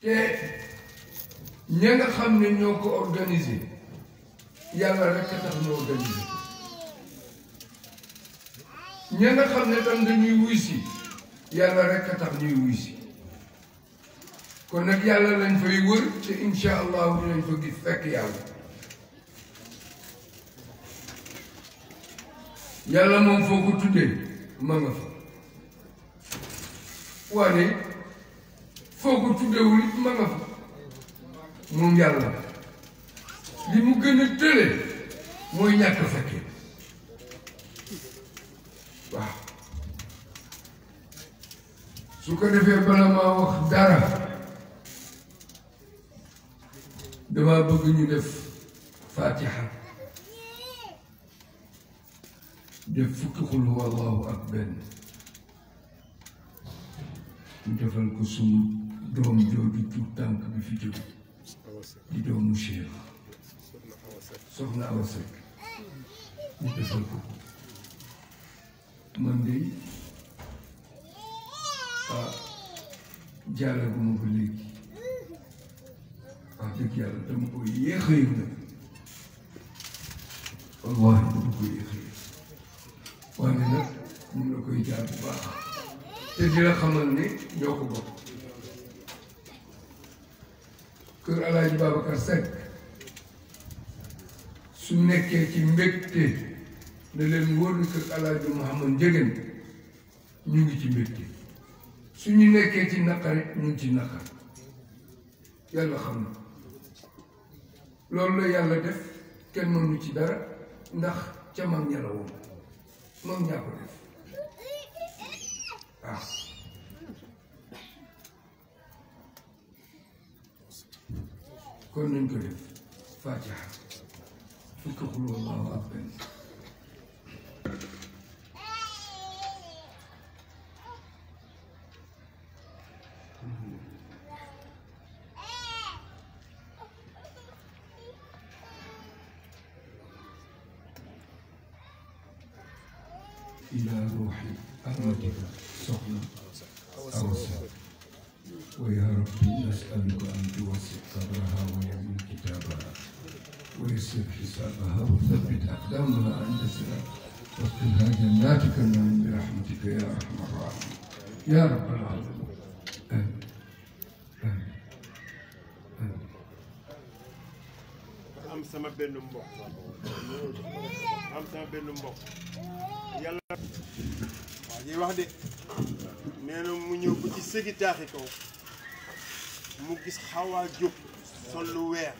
te ña nga xam ne ñoo ko organisé yàlla rekk a tax ñu organisé ña nga xam ne tam dañuy wuy si yàlla rekk a tax ñuy wuy si kon nag yàlla lañ fay wër te incha allahu lañ fa gis fekk yàlla yàlla moom foo ko tuddee ma nga fa waane foo ko tuddewul it ma nga fa moom yàlla li mu gën a tële mooy ñàkk fekke waaw su ko defee bala maa wax dara dama bëgg ñu def fatiha def fukki xul huwa allahu ak benn ñu defal ko sunu doom jooju tuut tànk bi fi jóg di doomu Cheikh soxna Awa Seck ñu ko man de ah ko léegi wax yàlla dama ko yéex a yëg nag wallahi dama yéex a waaye nag ñu la koy jaar bu baax te di la xamal ne ñoo ko kër Alaaji Babacar Seck su nekkee ci mbégte da leen wóor ni kër Alaaji Mouhamad Ndiéguène ñu ngi ci mbégte su ñu nekkee ci naqari ñu ngi ci naqar yàlla xam na loolu la yàlla def kenn mënu ci dara ndax ca mag ña mag ñaa def كنا نقلب فاتحة فك قل الله أكبر إلى روحي الرجل سخنة أوسع ويا ربي نسألك أن توسع صدرها ويمن كتابها ويسر حسابها وثبت أقدامها عند صراطك واصلها جناتك النعيم برحمتك يا أرحم الراحمين يا رب العالمين آمين آمين am sama benn mbokk am sama benn mbokk yàlla waaw ñuy wax de nee na mu mu gis xawa juk sol lu weer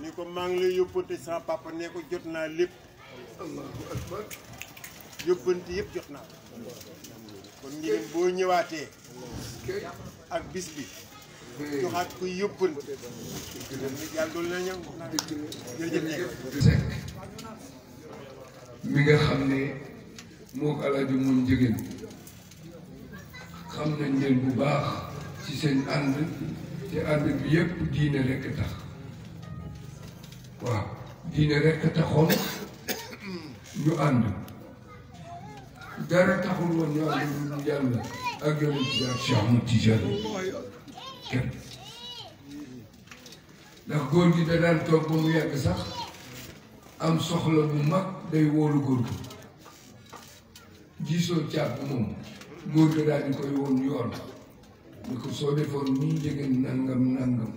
ni ko mang lay yobante sa papa ne ko jotna lepp lépp yóbbante yëpp jot naa kon ngeen boo ñëwaatee ak bis bi joxaat ko yóbbante yàlla doolu na ñëw jërëjëf nekk mi nga xamne mo ko ko alaaju moom jigéen xam nañ leen bu baax ci seen ànd te ànd bi yépp diine rekk tax waaw diine rekk taxoon ñu ànd dara taxul woon ñu lu yàlla ak yonent bi ak Cheikh Ahmad Tijaan kenn ndax góor gi da daan toog ba mu yàgg sax am soxla mu mag day wóolu góor gi jiisoo caab bu moom góor gi daal di koy woon yoon ni ko soo defoon nii jege nangam nangam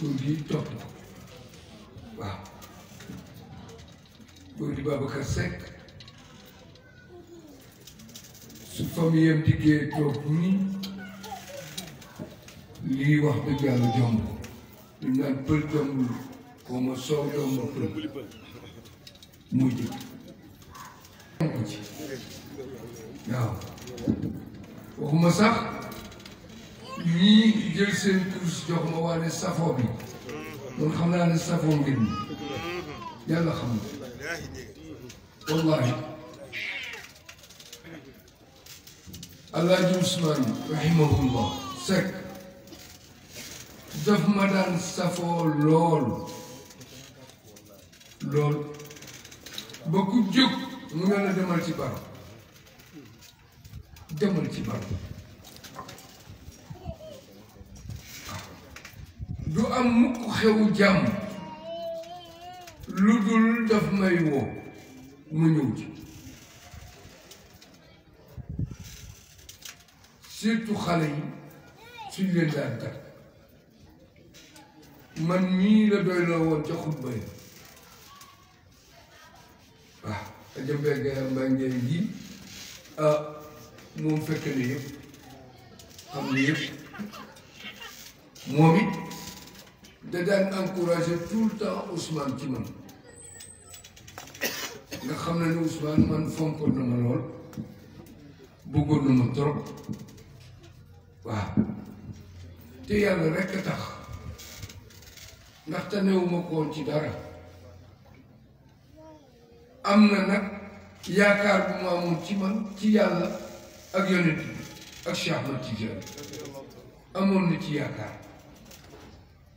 góor gi topp waaw góor gi Babacar Seck su famille am diggee nii lii wax dëgg yàlla jomb ñu naan pël jombul xaw ma soow jomb pël mujj waaw waxuma sax ñii jël seen kurus jox ma waa ne safoo bi man xam naa ne safoo ngir ñi yàlla xam na wallahi alaaji Usmaan rahimahullah Seck daf ma daan safoo lool lool ba ku jóg mu ne la demal ci barab demal ci barab du am mukk xewu jàmm lu dul daf may woo mu ñëw ci surtout xale yi suñ leen daan tàkk man mii la doy loo woon ca xutba yi waaw ajambee gayam mbaa ngeen ji ah moom fekk na yëpp xam na yëpp moom it da daan encouragé tout le temps Ousmane ci man nga xam ne ni Ousmane man fonkoon na ma lool bëggoon na trop waaw te yàlla rekk a tax ndaxte newuma koon ci dara am na nag yaakaar bu mu amoon ci man ci yàlla ak yonent bi ak Cheikh Ahmad Tidiane amoon na ci yaakaar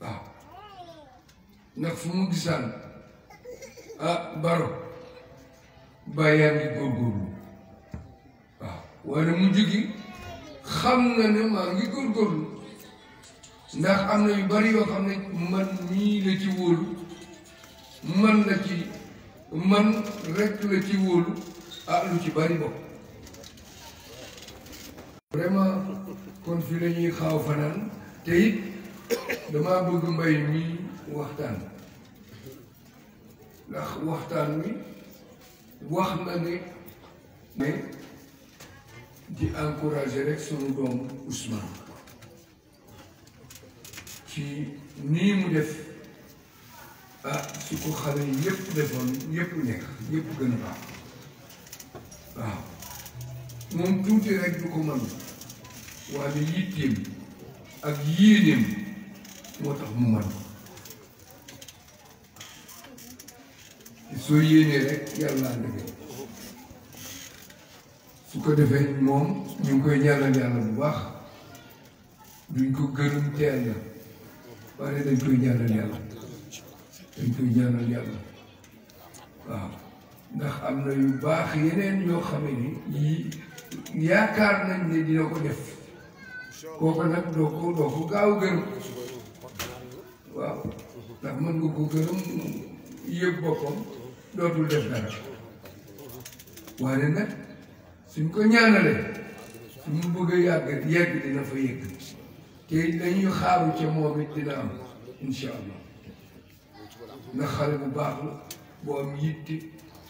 waaw ndax fu mu gisaan ah baro bàyyi yaa ngi góorgóorlu waaw wala mu jógi xam na ne maa ngi góorgóorlu ndax am na yu bari yoo xam ne man mii la ci wóolu man la ci man rekk la ci wóolu ah lu ci bari bopp vraiment kon fi la ñuy xaaw fanaan te it damaa bëgg mbay mii وحداني الاخ وحداني وحداني مي دي انكوراجيريك سونو دوم اوسمان كي نيمو ديف ا آه، سوكو خالي ييب ديفون ييب نيك ييب گن با واو آه. مون توتي ريك دو كومان وادي ييتيم اك يينيم motax mu man soo yéenee rek yàlla liggéey su ko defee moom ñu ngi koy ñaanal yàlla bu baax duñ ko gërëm teel na waaye dañ dañ koy ñaanal yàlla waaw ndax am na yu baax yeneen yoo xam ne ni yaakaar nañ ne dina ko def kooku nag doo ko doo ko gaaw gërëm waaw ndax mën nga ko gërëm yëpp boppam dootul def dara waaye nag suñ ko ñaanalee su mu bëgg a yàgg dina fa yegg te dañuy xaaru ca moom it dina am incha allah ndax xale bu baax la boo am yitte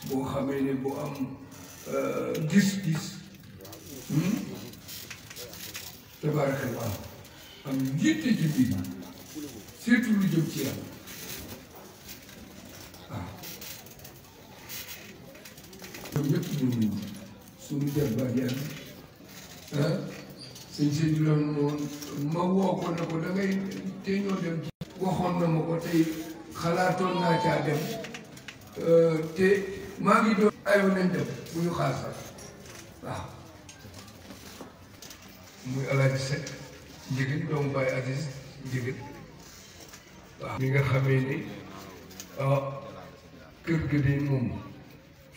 boo xamee ne boo am euh, gis-gis hmm? tabaarakallah am yitte ci mbir lu jëm ci yàlla sëñ sëñ bi ma woo ko ne ko dangay te ñoo dem waxoon na ma ko tey xalaatoon naa caa dem euh, te maa ngi doon ayoo nañ dem bu ñu xaar sax waaw muy alaaji set njëgit doomu bàyyi Aziz njëgit waaw mi nga xamee ni ah, kër gi de moom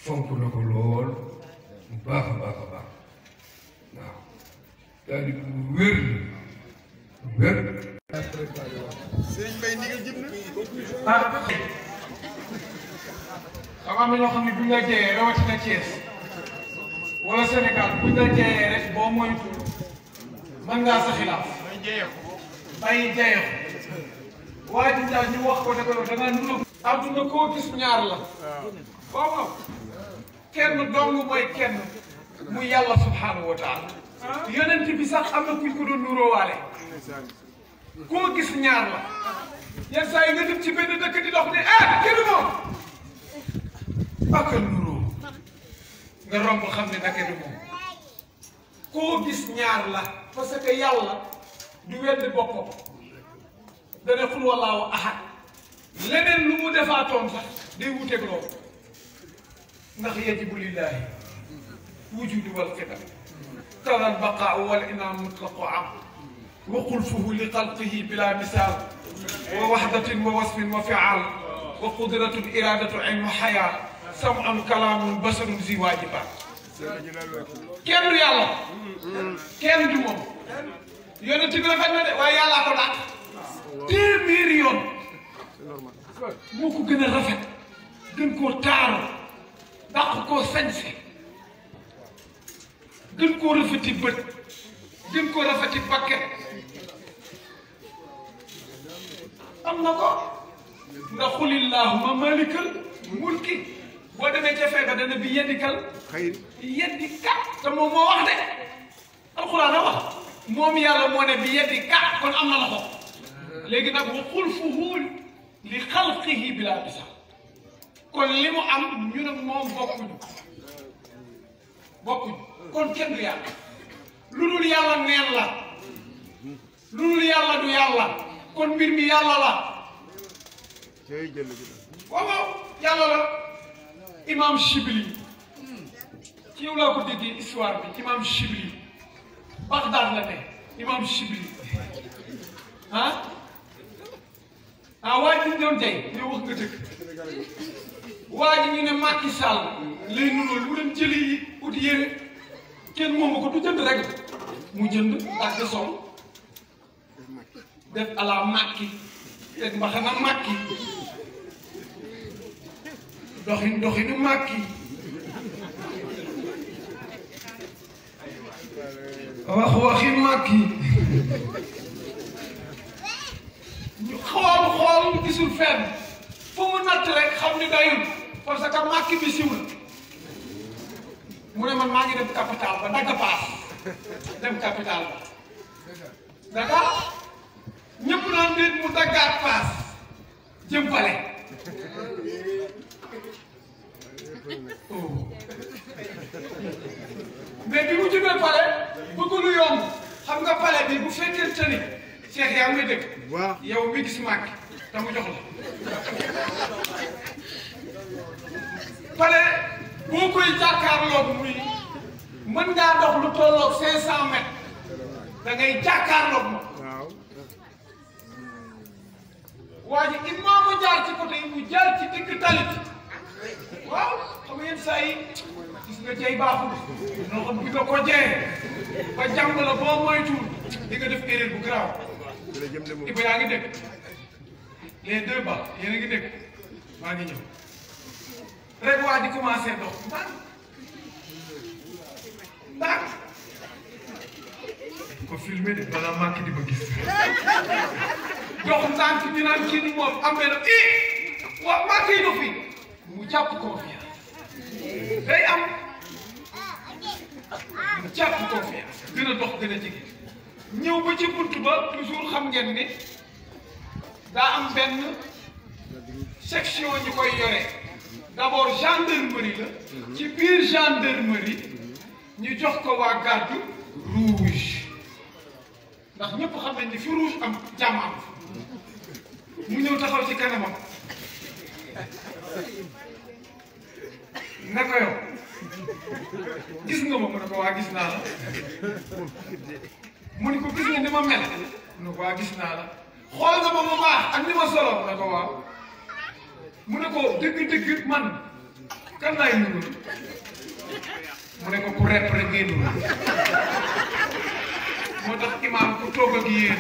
fonk na ko lool baax baax baax waaw taalib bu wér wér. sëñ Mbaye ndigal jëm na. ah. xam am na ñoo xam ne buñ la jeyee rawatina Thiès wala Sénégal buñ la jeyee rek boo moytu mën ngaa sa xilaaf. bay jeyeeku. waaye di daal ñu wax ko ne ko yow da ngaa nuru. àdduna koo gis ñaar la. waaw waaw. kenn dong mooy kenn mu yàlla subhanahu wa taala yonent bi sax am na kuñ ko doon nuróowaale koo gis ñaar la yenn saa yi nga dem ci benn dëkk di dox ne ah eh, kii du moom nga romb xam ne naka du moom koo gis ñaar la parce que yàlla du wedd boppam dana xul wallaahu ahad leneen lu mu defaatoon sax day wuteeg loolu ndax yajibu lillaahi wujudu wal ترى البقاء والإنام مطلق عام وقلفه لقلقه بلا مثال ووحدة ووسم وفعال وقدرة إرادة عين وحياة سمع كلام بشر زي واجبا كين يا الله كين دمم يوني تبرا فاجنا دي ويا الله قولا تير ميريون موكو كنا رفت دنكو تارو باقو كو سنسي gën koo rafeti bët gën koo rafeti bakket am na ko ndax xulillahuma malikal mulki boo demee ca feega dana bi yeddikal yeddi kat te moom moo wax de alxuraan a wax moom yàlla moo ne bi yeddi kat kon am na loxo léegi nag wa xulfuhu li xalqihi bilaa bisaab kon li mu am ñu ne moom bokkuñu bokkuñu kon kenn du yàlla lu dul yàlla neen la lu dul yàlla du yàlla kon mbir mi yàlla la waaw waaw yàlla la imam Chibli ci yow laa ko déggee histoire bi imam Chibli Bagdad la ne imam Chibli ah ah waa ji ñu doon tey ñu wax nga dëgg waa ji ñu ne Macky Sall lay nunul bu dem jëli ut yére kenn moomu ko du jënd rek mu jënd dàgg sol def ala màkki teg doxin doxinu wax waxi màkki ñu xool xool gisul fenn fu mu natt rek xam ni dayul parce que màkki bi siw mu ne maa ngi dem capital ba dagg paas dem capital ba d'accord ñëpp naan nit mu daggaat paas jëm fale oh. mais bi mu jëmee pale bëgg lu yomb xam bu fekkee tëni Cheikh yaa ngi yow mi gis màgg jox la koy jàkkaarloog muy mën ngaa dox lu tolloog 500 mètres da ngay jàkkaarloog moom. waa ji il maa mu jaar ci côté yi mu jaar ci digg tali bi waaw xam ngeen saa yi gis nga jey baaxul noo bi nga ko jee ba jàng la boo moytuwul di def erreur bu garaaw Iba yaa ngi dégg les deux ba yéen a ngi dégg maa ngi ñëw. rek waa di commencé dox ndànk ndànk ko di ma dox ndànk ñu am na i eh! waaw màkk yi dox fi mu jàpp confiance day am mu jàpp confiance gën dox gën jege ñëw ba ci bunt ba toujours xam ngeen ni daa am benn section ñu koy yore d'abord gendarmerie la ci biir gendarmerie ñu jox ko waa garde rouge ndax ñëpp xam nañ ni fi rouge am jàmm am mu ñëw taxaw ci kanamam ne ko yow gis nga mo mu ne gis na la mu ne ko gis nga ni ma mel mu ne gis na la xool nga ma mu baax ak ni ma solo mu ne mu ne ko dëgg-dëgg man kan lay nuru mu ne ko ku rep rek ngay nuru moo tax imaam ku toog ak yeen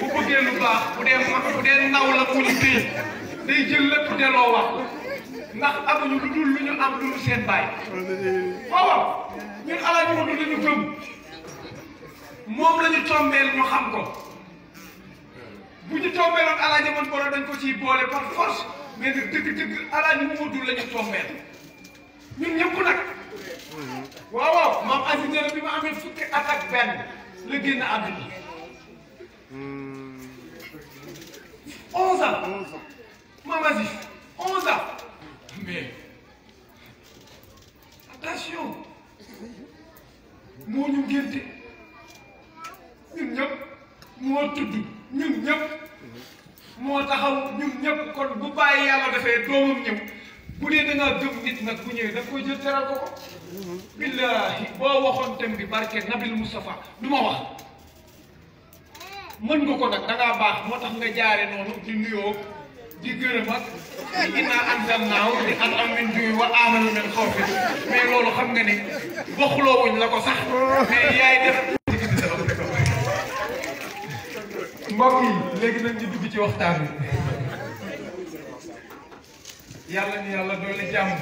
bu bëggee lu baax bu dee ma bu dee naw la bu ñu téye day jël lépp delloo wax ndax amuñu lu dul lu ñu am lu seen bàyyi waaw ñun alaaji ma du ñu gëm moom lañu ñu tombeel ñu xam ko bu ñu tombeeloon alaaji man la dañ ko ciy boole par force mais nag dëgg-dëgg alaaji Moodu la ñu tombeel ñun ñëpp nag waaw waaw maam Asi nee na ma amee fukki at ak benn la génn àdduna onze ans maam Asi onze ans mais attention moo ñu ngénte ñun ñëpp moo tudd moo taxaw ñun ñëpp kon bu bàyyi yàlla defee doomam ñëw bu dee da ngaa gëm nit nag bu ñëwee da nga koy jël teral ko ko. billahi boo waxoon thème bi barke Nabil Moustapha du ma wax mën nga ko nag da ngaa baax moo tax nga jaare noonu di nuyoo di gërëm ak inna anzalnaahu di an am min juy wa aamanu min xawfi mais loolu xam nga ne waxuloo wuñ la ko sax mais yaay def. mbokk yi léegi nag ñu dugg ci waxtaan bi yàlla ni yàlla doole jàmm